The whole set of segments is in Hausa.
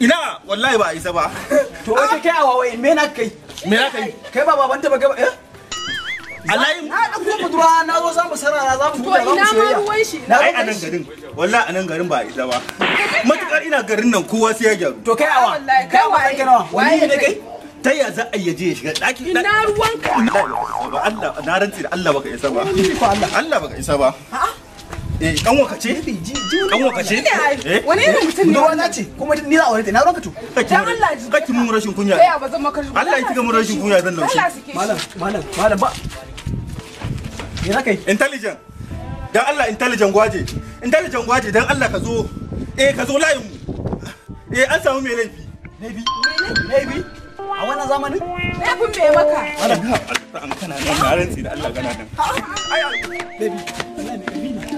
ina wallahi ba isa ba to wace kai a in me na kai me na kai kai ba baban ta ba ga eh? Allah na da kuma mutuwa na zo za mu sarara za mu buɗe za mu na ai a nan garin wallahi a nan garin ba isa ba matukar ina garin nan kowa sai ya gyaru to kai awa kai awa kai nawa wani ne kai ta ya za a yaje ya shiga daki ina ruwanka Allah na rantsi da Allah baka isa ba Allah baka isa ba Eh, kan waka ce? Kan waka ce? Eh? Wani irin mutum ne? Wani ce, kuma ni za a aure na ranka to. Dan Allah ji. Kake mun rashin kunya. Eh, ba zan maka Allah ya kika mun rashin kunya zan laushi. Malam, malam, malam ba. Me kai? Intelligent. Dan Allah intelligent gwaje. Intelligent gwaje dan Allah ka zo. Eh, ka zo layin mu. Eh, an samu mai laifi. Laifi? Laifi? A wannan zamanin? Laifin me maka? Malam, Allah an kana nan da Allah nan. Ai,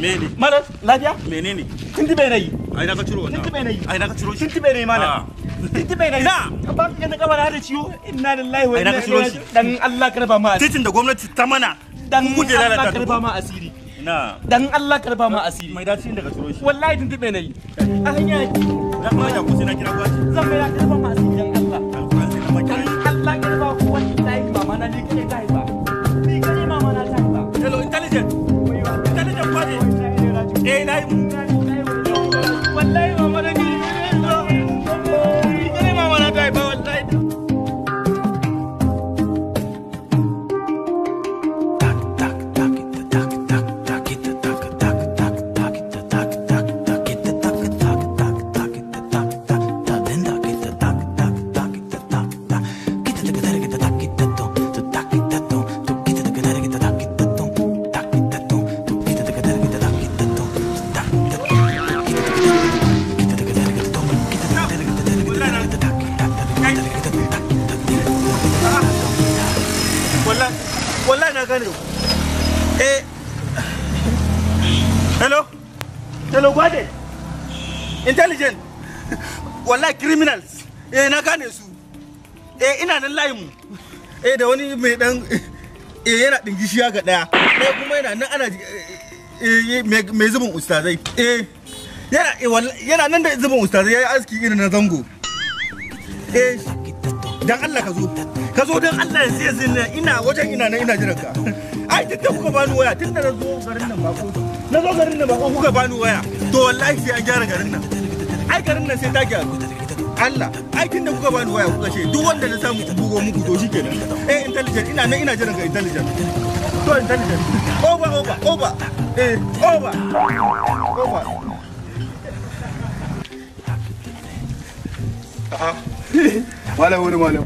mene malam lafiya menene tuntube na yi ai na ka ciro wannan tuntube na yi ai na ka ciro shi tuntube na yi malam tuntube ah. na yi na ba ka ganin kaba na da ciwo inna lillahi wa inna ilaihi dan Allah karba ma titin da gwamnati ta mana dan Allah karba ma asiri na dan Allah karba ma asiri mai dace daga ciro shi wallahi tuntube na yi a hanya dan ma ya kusa na kira gwaji zan mai karba ma asiri dan Allah eh da wani mai dan eh yana dingishiya ga daya eh kuma yana nan ana eh, eh, mai zubin ustazai eh, eh yana nan da zubin ustazai ya yi aski irin na zango eh dan Allah ka zo ka zo dan Allah ya sai zina ina wajen ina nan ina jiran ka ai duk da kuka bani waya tunda na zo garin nan ba na zo garin nan ba kuka bani waya to wallahi sai an gyara garin nan ai garin nan sai ta gyaru Allah aikin da kuka bani waya kuka ce duk wanda na samu ku bugo muku to shikenan eh intelligent ina nan ina jiran ka intelligent to intelligent over over over eh over over aha malam wani malam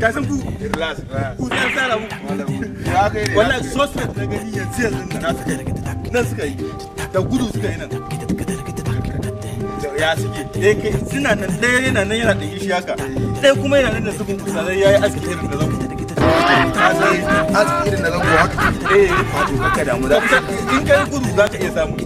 ka san ku relax ku san sara mu wallahi suspect na gani yanzu yanzu nan suka yi da gudu suka yi nan ya suke ɗaya eh, kai suna nan ɗaya yana nan yana ɗan gishi haka ɗaya kuma yana nan da zubin kusa zai yayi aski irin da zango aski irin da zango haka eh wato damu da in kai gudu za ka iya samu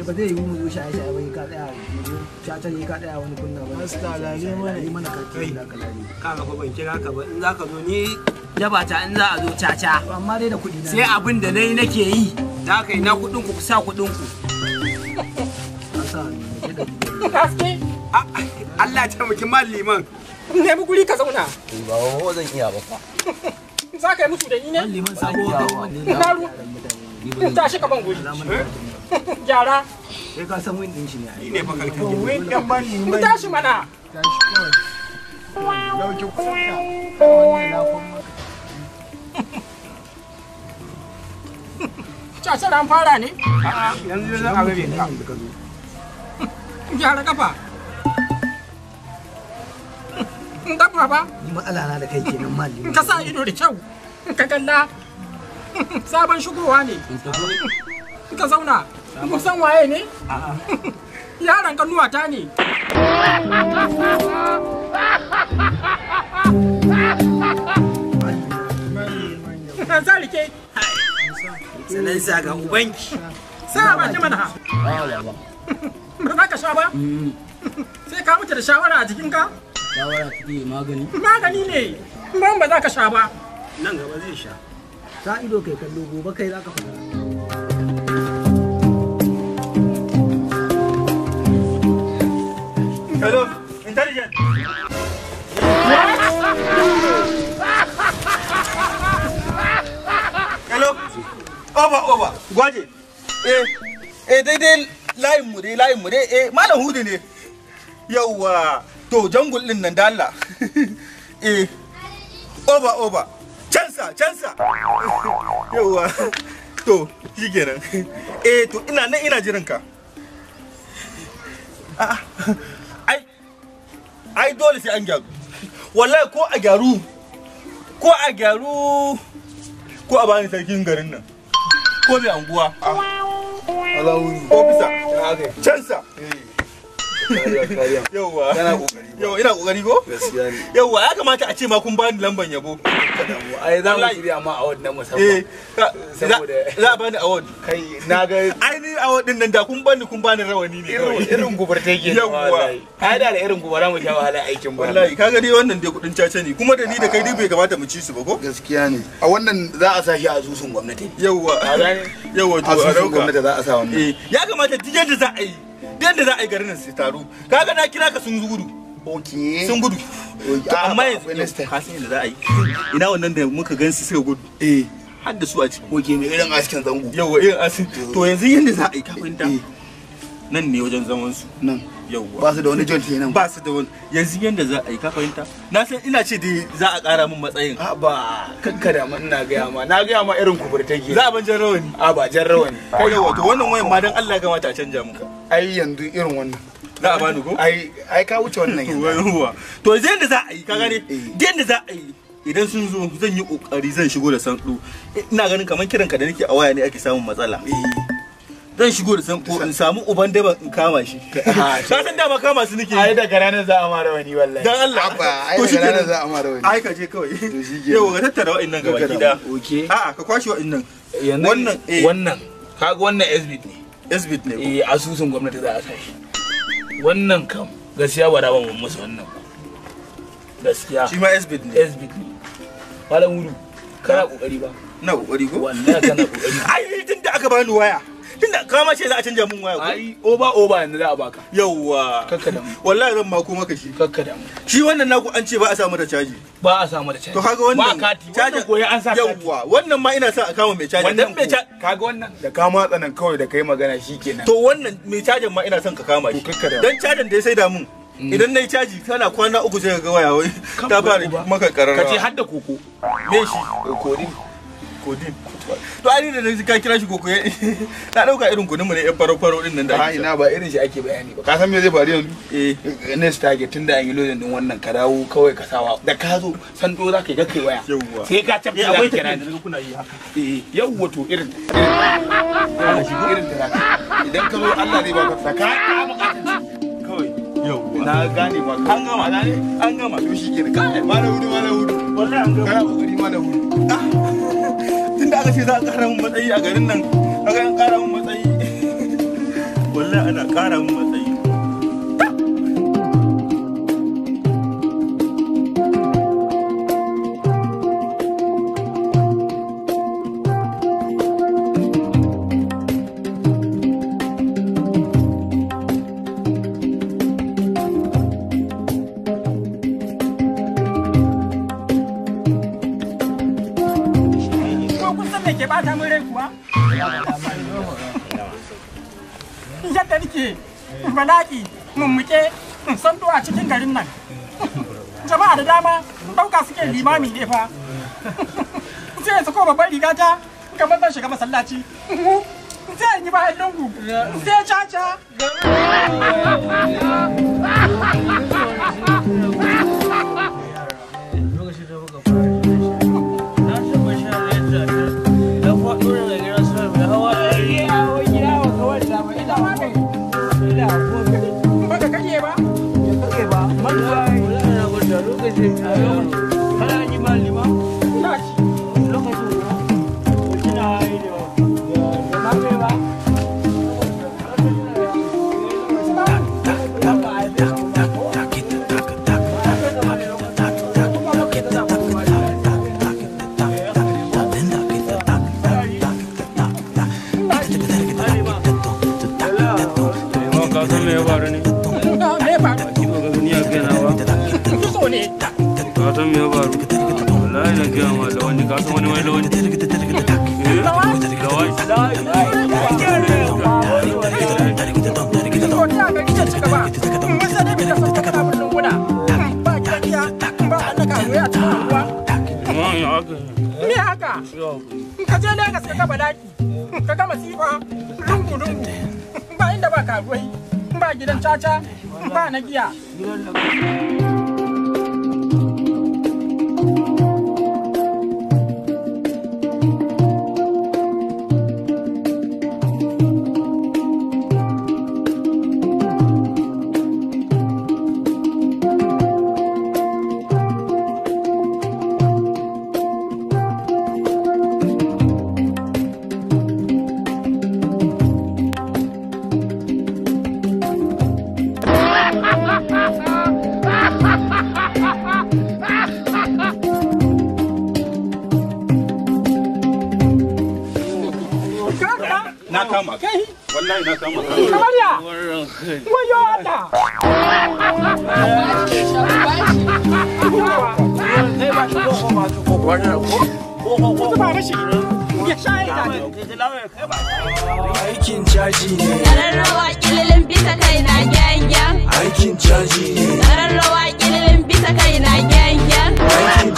Eh, ba zai yiwu mu zo shaye shaye ba yi wani kunna ba mana yi mana karfi da kalari kaga ban kira ka ba in zaka zo ni daba ta in za a zo caca amma dai da kuɗi sai abin da nake yi za ka yi na kuɗin ku sa kuɗin ku ah, Allah ta muki malliman nemi guri ka zauna eh, ba wa zan iya ba fa za ka yi musu da ni ne malliman sabo ga wannan na ru tashi ka ban guri gyara sai ka san windin shi ne ne ni tashi mana tashi kawai dauki Cacar an fara ne? A'a yanzu zan ka. Gyara kafa. In Ni matsala na da kai kenan malli. Ka sa ido da kyau. Ka kalla. Sabon shigowa ne. Ka zauna. Kun san waye ne? Yaron kanuwata ne. Zalike. Sanan sa ga ubanki. Sa ba mana ha. Ba za ka sha ba? Mm. Sai ka mutu da shawara a jikinka? Shawara magani. Magani ne. Ban ba za ka sha ba. Nan gaba zai sha. ido kai kallo gobe kai za ka fara. Hello, intelligent. Hello, over, over. Gwaje. Eh, eh daidai layin mu dai layin mu dai eh malam hudu ne. Yawwa, to jangul nan da Allah. eh, over, over. Cansa, cansa. Yawwa. To, shi kenan. Eh, to ina nan ina jiranka. A'a. Ah, ah. ai dole sai an gyaru wallahi ko a gyaru ko a gyaru ko a bani sarkin garin nan ko mai anguwa alawuni ofisa cansa yauwa yauwa ina kokari ko yauwa ya kamata a ce ma kun bani lamban yabo ai za mu shirya ma award na musamman eh, za a bani award kai na ga ainihin award din nan da kun bani kun bani rawani ne irin gubar ta ke yawwa ai da irin gubar mu sha wahala aikin ba wallahi kaga dai wannan dai kudin caca ne kuma da ni da kai dai bai kamata mu ci su ba ko gaskiya ne a wannan za a sa shi a zusun gwamnati yawwa yawwa to a zusun gwamnati za a sa wannan eh, ya kamata duk yadda za a yi yadda za a yi garin nan su taru kaga na kira ka sun zuru ok sun gudu to ah, amma yanzu ka yadda za a yi ina wannan da muka gan su suka gudu eh har da su a ciki ok mai irin askin zango yawa irin askin to yanzu yadda za a yi kafinta eh. nan ne wajen zaman su nan yauwa ba su da wani joint kenan ba su da wani yanzu yanda za a yi kafinta. na san ina ce dai za a ƙara min matsayin a ah, ba kakka da ina gaya ma na gaya ma irin kuburta kuburtake za a ban jan rawani a ah, ba jan rawani ko yauwa to wannan wayan ma dan Allah ya kamata a canja muka ai yanzu irin wannan za a bani ko ai ai ka wuce wannan yanzu to zai da za a yi ka gane eh, eh. da za a yi idan sun zo zan yi kokari zan shigo da sandu ina ganin kamar kiran ka da nake a waya ne ake samun matsala eh, zan shigo da sanko in samu uban daba in kama shi ah, ka san dama kama su nake ai daga ranar za a mara wani wallahi dan Allah to shi ranar za a mara wani ai ka je kawai yau ka tattara wa'annan gaba gida a'a ka kwashi wa'annan wannan wannan kaga wannan SBIT ne SBIT ne eh asusun gwamnati za a sa wannan kam gaskiya ba da ban musu wannan gaskiya shi ma esbit ne esbit ne malam wuru kana kokari ba na kokari ko wallahi kana kokari ai tun da aka bani waya tunda kama ce za a canja mun waya ko ai oba oba yanzu za a baka yawa kakka da mu wallahi zan mako maka shi kakka da mu shi wannan naku an ce ba a samu da caji ba a samu da caji to kaga wannan ba kati wannan goye an sa kati yawa wannan ma ina sa a kama mai caji dan mai caji kaga wannan da ka matsa nan kawai da kai magana shikenan to wannan mai cajin ma ina son ka kama shi dan cajin da ya sai da mun mm. idan na yi caji kana kwana uku sai ka ga waya wai ta ba maka kararrawa ka ce hadda koko me shi eh, kori kodin to ai da ka kira shi koko eh, na dauka irin kudin mu ne yan faro faro din nan da ai na ba irin shi ake bayani ba ka san me zai faru yanzu eh next target tun da an yi lodin din wannan ka dawo kawai ka sawa da ka zo san do zaka ga kai waya sai ka tafi da eh, kira da kuna yi haka eh yawwa to irin irin da idan ka zo Allah zai baka saka ka kawai yau na gane ba an gama an gama to shi ke ka mala hudu mala hudu wallahi an gama kana kokari mala hudu ah! aka ce za a ƙara mun matsayi a garin nan aka ƙara mun matsayi wallahi ana mun matsayi garin nan jama'a da dama ɗauka suke limami ne fa sai yanzu ko babban riga ta kamar ban shiga masallaci sai yi ba lungu sai caca daki ka gama sifa lungu lungu ba inda ba karuwai ba gidan caca ba na giya kama kai wallahi na kama kai kamar ya Aikin caji ne. ƙililin bisa kai na gyan Aikin caji ne. ƙililin bisa kai na gyan Aikin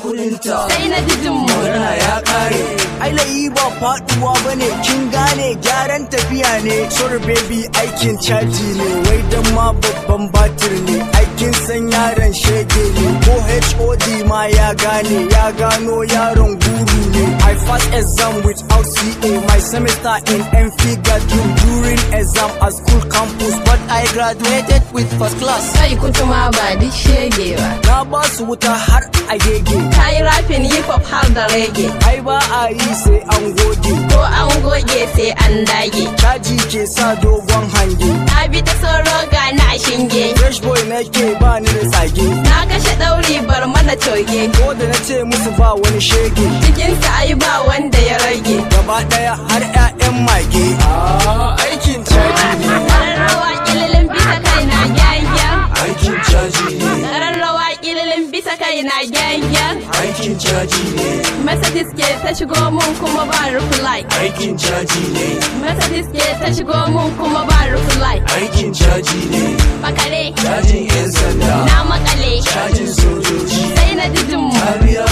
kudinta sai na ji jin magana ya kare ai layi ba faduwa bane kin gane gyaran tafiya ne sorry baby aikin caji ne wai dan ma babban batir ne kin san yaron shege ne ko HOD ma ya gane ya gano yaron guru ne I pass exam without CA my semester in MV Gadun during exam at school campus but I graduated with first class kai kutuma ba duk shege ba na ba su wuta har a gege kai rapping hip hop har da reggae ai ba a yi sai an goge ko an goge sai an dage caji ke sa dogon hange na bi ta ga na shinge fresh boy nake ce ba ni da tsage na kashe ɗauri bar mana coge ko da na ce musu ba wani shege cikinsa ai ba wanda ya rage gaba ɗaya har 'ya'yan mage ah, aikin caji ne rawa ƙililin bisa kai na gyangyan aikin caji ne rawa ƙililin bisa kai na gyangyan aikin caji ne Mercedes ke ta shigo mun kuma ba reply aikin caji ne Mercedes ke ta shigo mun kuma ba reply aikin caji ne Bakare. cajin yan sanda na makale cajin sojoji sai na didin mu ta biya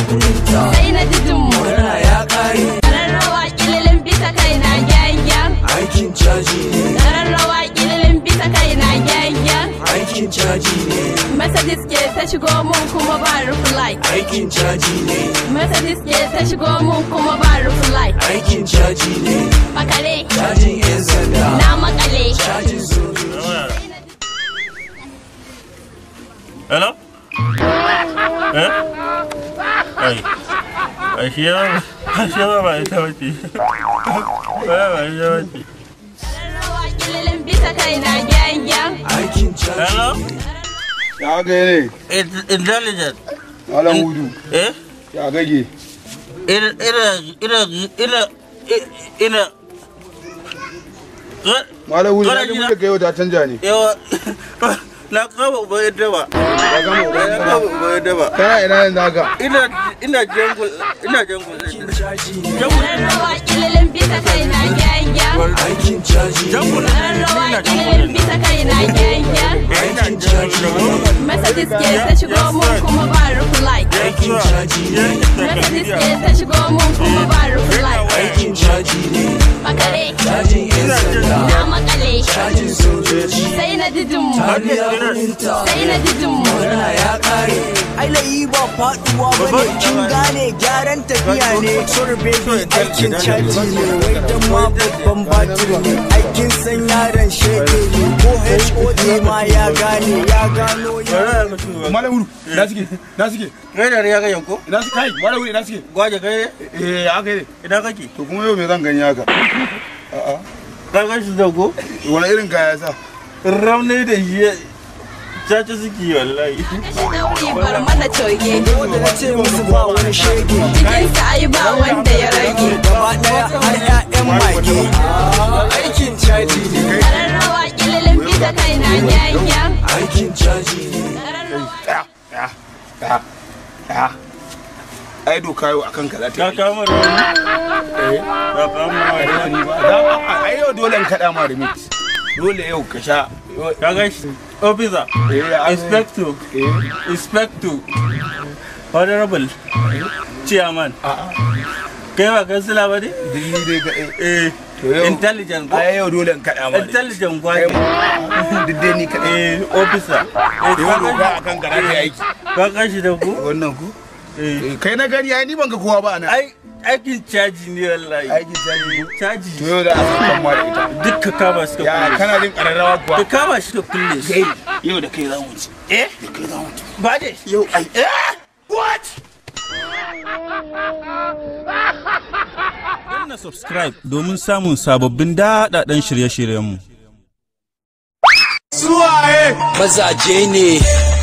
sai na didin mu magana ya kare kararrawa kilalin bisa kai na gyan gyan aikin caji ne kararrawa bisa kai na gyangyan aikin caji ne messages ke ta shigo mun kuma ba reply aikin caji ne messages ke ta shigo mun kuma ba reply aikin caji ne makale cajin yan sanda na makale cajin sojoji hello eh ai ai shi yawa shi yawa ba ita wace ba ba ita wace bisa kai na gyangyan. Hello? Ya ga ne? Intelligent. Malam Hudu. Eh? Ya gage. Ina, ina, ina, ina, Malam Hudu, na ga muka kai canja ne. Yawa. na kama uba ya daba ya kama uba ya daba kana ina yin daga ina ina jango ina jango jango rawa kilalin bisa kai na gyangya aikin caji jango rawa kilalin bisa kai na gyangya aikin caji messages ke ta shigo mun kuma ba rufu like aikin caji messages ke ta shigo mun kuma ba rufu like aikin caji ne makare cajin yan sanda makale cajin sojoji sai na didin mu sai na ji ba faduwa ba ne gyaran tafiya ne sure aikin ne ne aikin ne ko ma ya ya gano ya suke na suke kai da ya ga yanko na suke kai malawuru na suke gwaje kai eh haka ne idan kake to kuma yau me zan gani haka a'a ka ga shi wani irin kaya sa raunai da shi caca suke yi coge wanda na ce musu ba wani ai wanda ya rage gaba daya aikin caji aikin caji doka yau akan ka za ta yi. Ka kama da wani. Eh. Ka kama da wani. Ai yau dole in kaɗa ma remit. dole yau ka sha ka ga shi officer eh, inspector eh. inspector honorable chairman kai ba kansila ba ne? Dilli dai ka eh. Intelligent ko? Ai yau dole in kaɗa ma. Intelligent ko? Diddai ni kaɗa. Eh, officer. Eh, yau doka a kan gara ta aiki. Ba shi da ku? Wannan ku? Kai na gani ai ni ban ga kowa ba a nan. aikin caji ne wallahi aikin caji ne caji to yau da aka kama da ita duk ka kama shi ya kana jin kararrawa kuwa ka kama shi ka kulle shi yau da kai za mu ci eh da kai za mu ci ba dai yau ai eh what danna subscribe domin samun sababbin daɗaɗɗen shirye-shiryenmu. Suwaye! Eh. Mazaje ne!